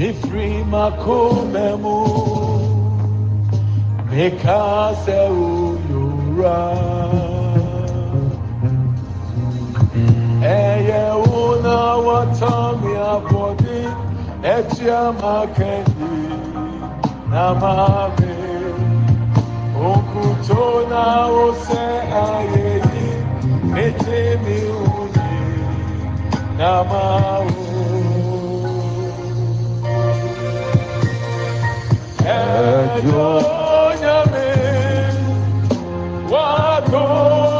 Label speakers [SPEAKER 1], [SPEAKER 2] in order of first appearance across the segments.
[SPEAKER 1] mifiri makomemu mikase oyora ẹyẹ wuna wata mi abọdi ẹtí amakẹni namami okuto na ose ayeyi méjì mi na namawo. 救 ي 里我土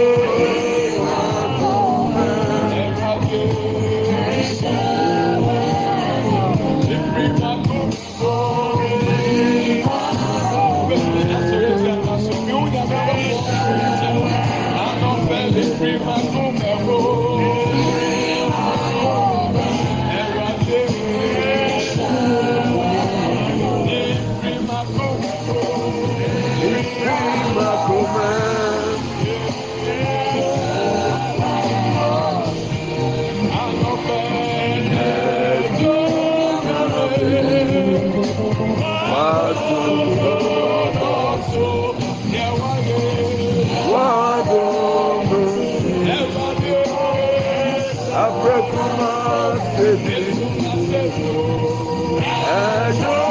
[SPEAKER 1] Abraham, Abraham, Abraham,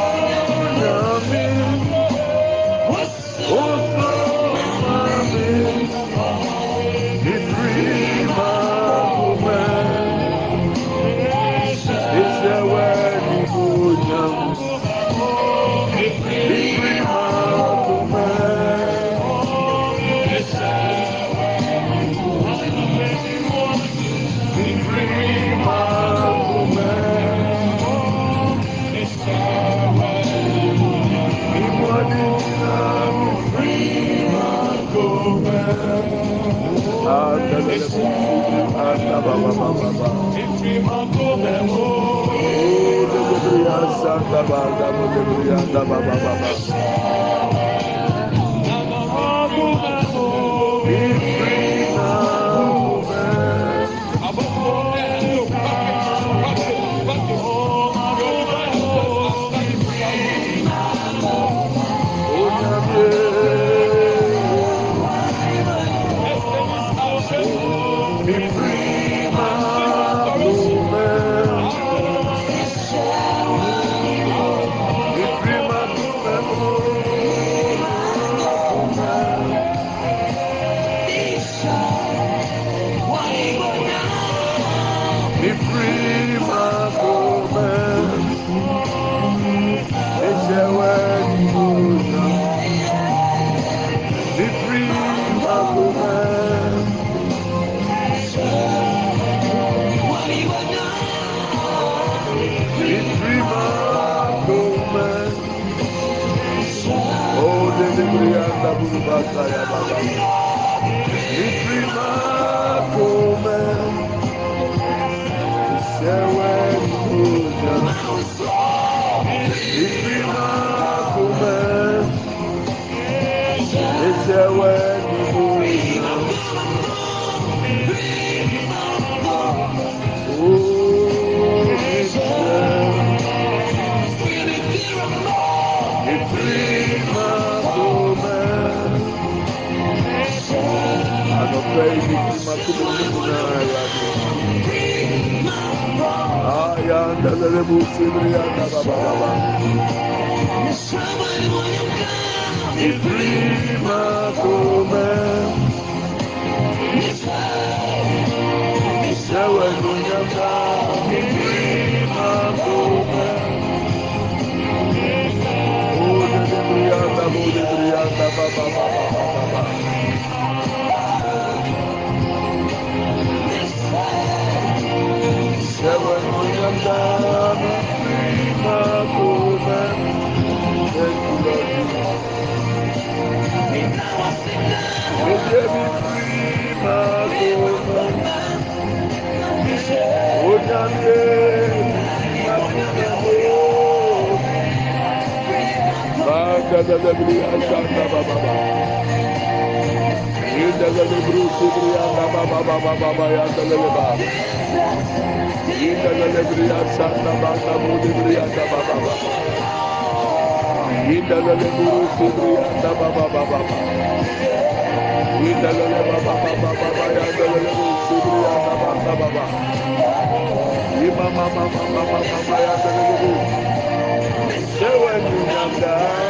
[SPEAKER 1] Santa Barbara, prima come, se é fez e que matou todo mundo na água. Ai, anda, levou o Senhor e anda, bababá. E prima como é. Céu é no jantar, e prima como é. Oh, debrianda, oh, debrianda, bababá. Yanda da lebriya sanda ba ta mu lebriya da ba ba ba. Indalele buru sibri anda baba baba baba baba baba ya buru baba baba. ya buru.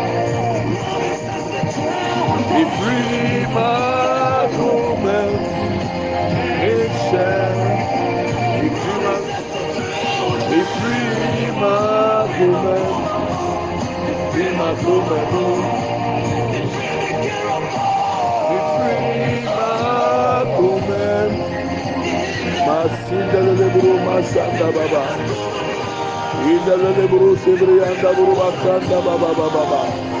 [SPEAKER 1] Be free, my woman. free. free, my woman. my my baba. baba baba baba.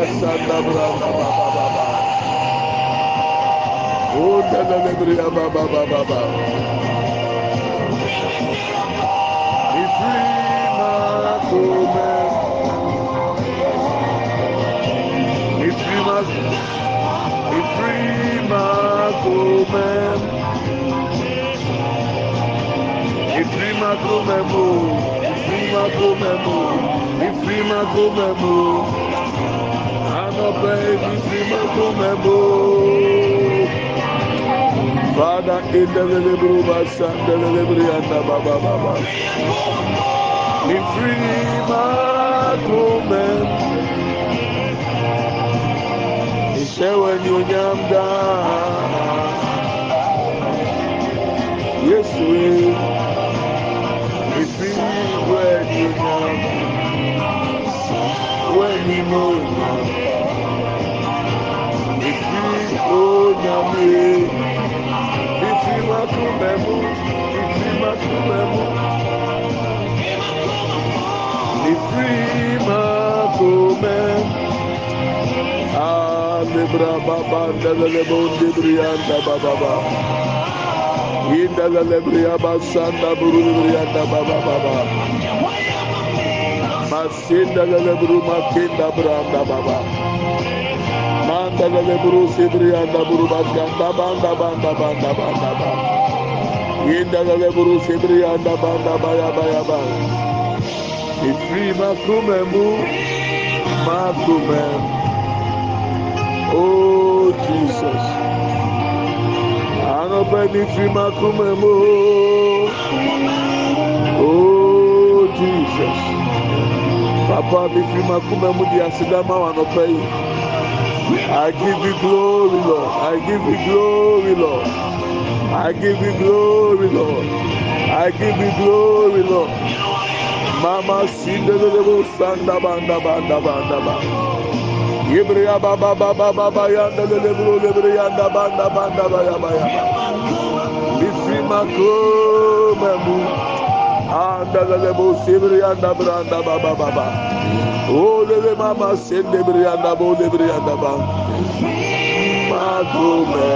[SPEAKER 1] Santa Branda Baba Baba. Oh, Delebria Baba Baba. If we must come, if we must, if we must come, if we must come, if we must come, if we must come. Father, in the Lebruba, Santa Lebrianda, Baba Baba. Me free, my woman. He said, when you yam Yes, we. Me free, when you yam. When you know. nyame ìfìmà tó bẹ̀mú ìfìmà tó bẹ̀mú ìfìmà tó bẹ̀mú alebra baba ndalelebo ndibria ndabababa indalelebria basanda burulibria ndabababa masindalelebru makinda brandababa. Tebele buru sidri anda buru banda banda banda banda banda banda. Yendele buru sidri anda banda baya baya baya. Ifri makumemu makumem. Oh Jesus. Anope mi fri makumemu. Oh Jesus. Papa mi fri makumemu di asidama wanopei. I give you glory, Lord. I give you glory, Lord. I give you glory, Lord. I give you glory, Lord. Mama sindelebo sanda banda banda banda ba. Yebriya ba ba ba ba ba ba yanda lelebro lebriya da banda banda ba ya ba ya. Bifima ko mamu. Anda lelebo sibriya da branda ba ba ba ba. Oh, lele mama sende brianda bo le brianda ba. Madu me.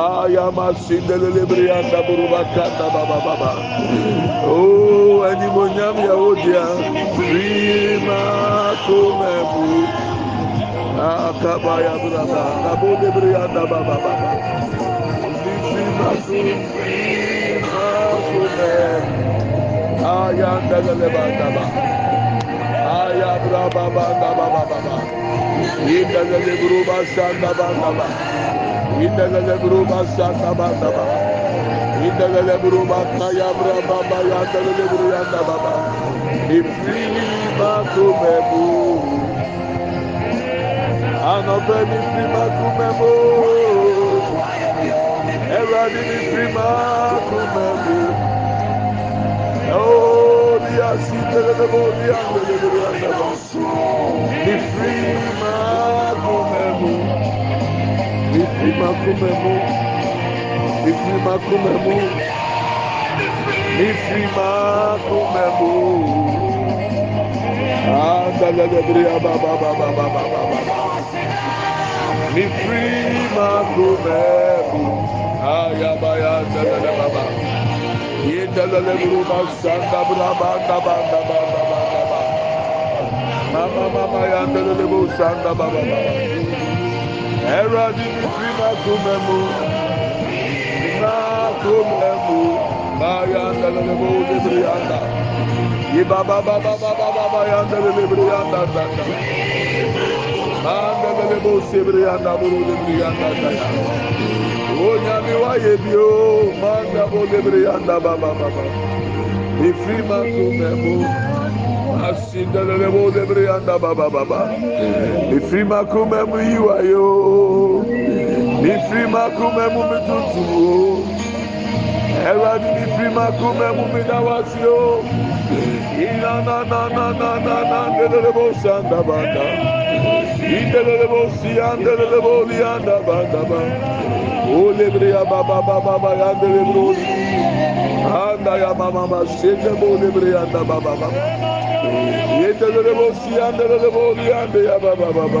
[SPEAKER 1] Ayama sinde lele brianda buruba kata baba baba. Oh, ani monyam ya odia. Rima kume bu. Akabaya braba. Nabo le brianda baba baba. Rima kume. Ayanda lele baba baba. Raba Banda Oh, me free, Makumemu. Be free, Makumemu. Be free, Makumemu. Be free, Makumemu. Ah, da da da da ba ba ba ba tá ba ba ba. Be free, Makumemu. Ah, ya ba ya da da da ba ba. Yendelele buruba sanda braba daba daba daba daba. Mama mama yandelele bu sanda baba baba. Eradi bibi na kumemu. Na kumemu. Bayandelele bu libriyanda. Yibaba baba baba baba yandelele libriyanda sanda. Mandelele bu libriyanda buru libriyanda sanda. O onyame wayɛ bio mandabo lebre yanda babababa ifiri mando mɛmo asindelelebo lebre yanda babababa ifiri makomɛmo na na na na ɛwurade ifiri makomɛmo medawasio inanananananandelelebo sandabanda indelelebo siyandelelebo liyanda bandaba olebre ya baba baba baba yandelelebo anda ya mama masedebo olebre yanda baba baba yedelelebo siyandelelebo liyanda ya baba baba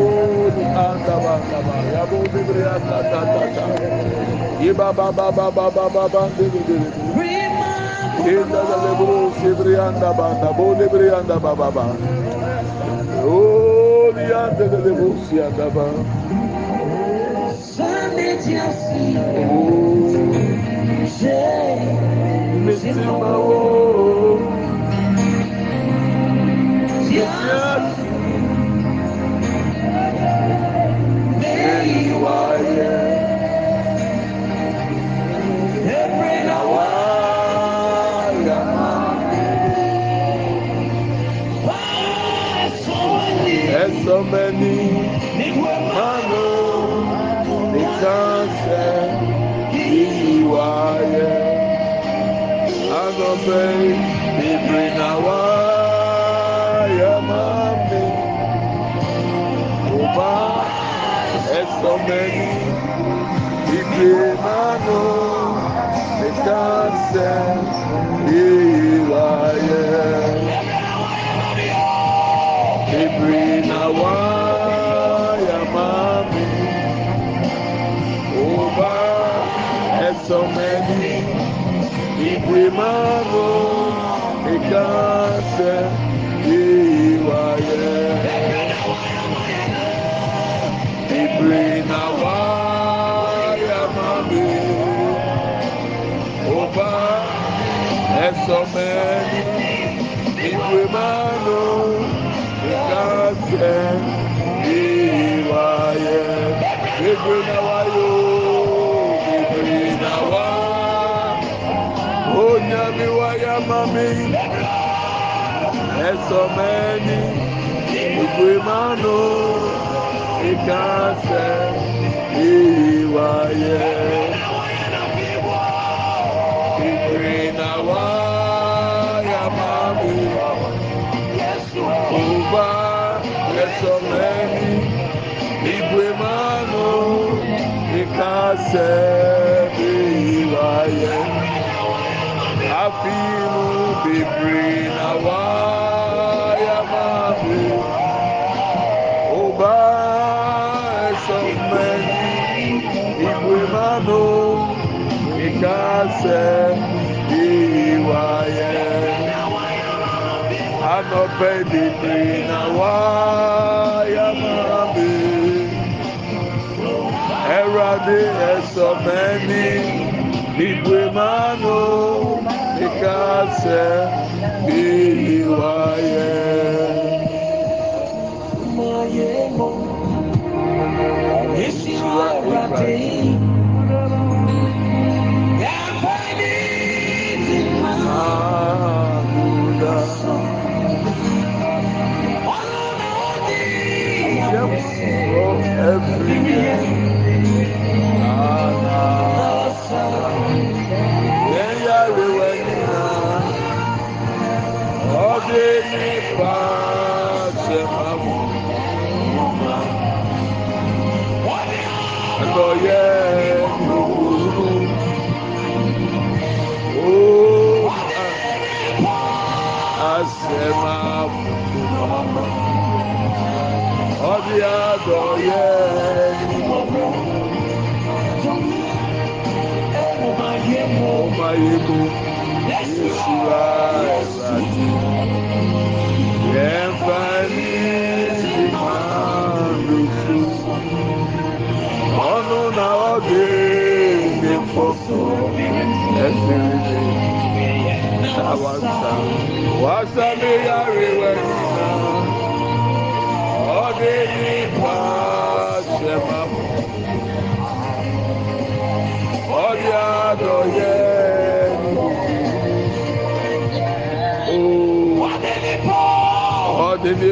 [SPEAKER 1] anda ba Ibwe maro ekase iwaye. Ibwe na waya mami oba esomeni. Miami, Wyoming. There's so many Iguimano, Icase, Iwaye. Iguinawa, Yamami. Uba, there's so many Iguimano, Icase, Iwaye. bebree na wayɛ maame ɔba ɛsɛmɛni ibue mano nika sɛ yeye wayɛ anɔpɛ bebree na wayɛ maame ɛwurade ɛsɛmɛni ibue mano. kasɛ bíi wáyé. Yeshua Rabbi. ẹsìn rere ṣàwàṣà wàṣà mi yàrá ìwẹ̀ nìyà ọdẹ mi bá ṣẹ̀ máa bọ̀ ọdẹ àdọ̀yẹ. Ọdẹ mi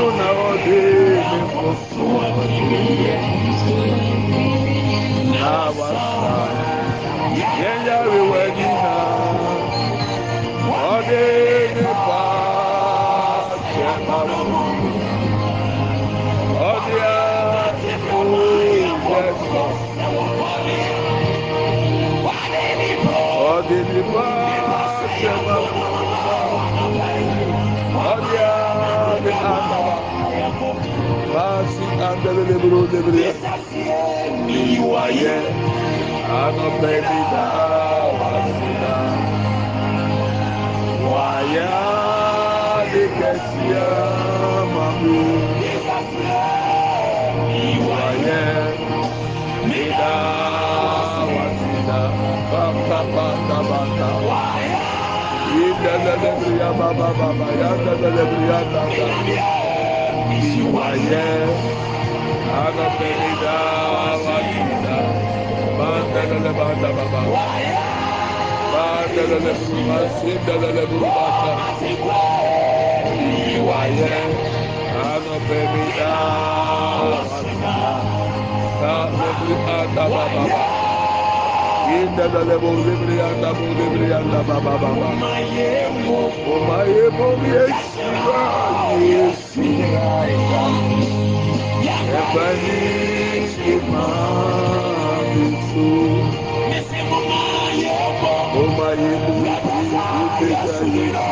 [SPEAKER 1] ومن وديم Awasa, yeye wewe jina, odeni pa chemamu, odia uyeso, odeni pa chemamu, odia ni ama. Asi andele bro de bro. Mi waye. Ano baby da wasina. Waya de kesia mamu. Mi waye. Mi da wasina. Bamba bamba bamba. Waya. Ida da da bria baba baba. Ya da da bria da da. Ayé You wà nígbà bá dẹ́lẹ́lẹ́ bá dá bàbá. Bá dẹ́lẹ́lẹ́ bú bá sí dẹ́lẹ́lẹ́ bú bá tà. Ìwà yẹ alábẹ́rẹ́dá wà nígbà bá dẹ́lẹ́lẹ́ bá dá bàbá. Indelelebo Librianda Librianda Baba Baba. Omayebo Yesira Yesira. Ebani Imamitu. Omayebo Yesira Yesira.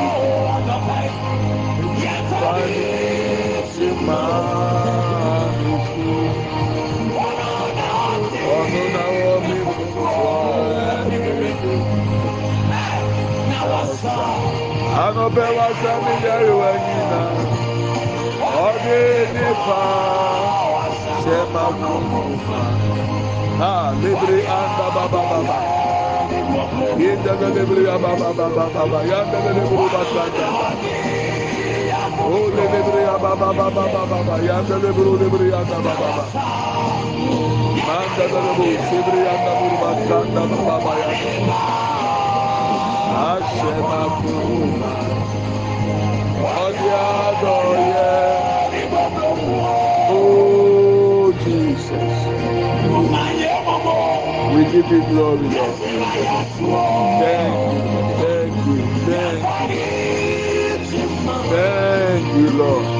[SPEAKER 1] Ebani Imamitu. anọbẹ wa sami yẹri wa nyina ọdẹ nípa ṣe ha lebere anda baba baba yendebe lebere ya baba baba baba yendebe lebere ya baba baba o lebere ya baba baba baba yendebe lebere lebere anda baba manda lebere lebere anda baba baba yendebe. aṣẹ́bàkúrúmà Jesus we give you glory Lord thank you thank you thank you thank you Lord.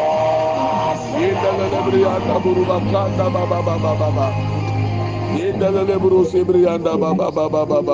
[SPEAKER 1] Indele lebriyanda buru bakanda ba ba ba ba ba ba. Indele lebru ba ba ba ba ba.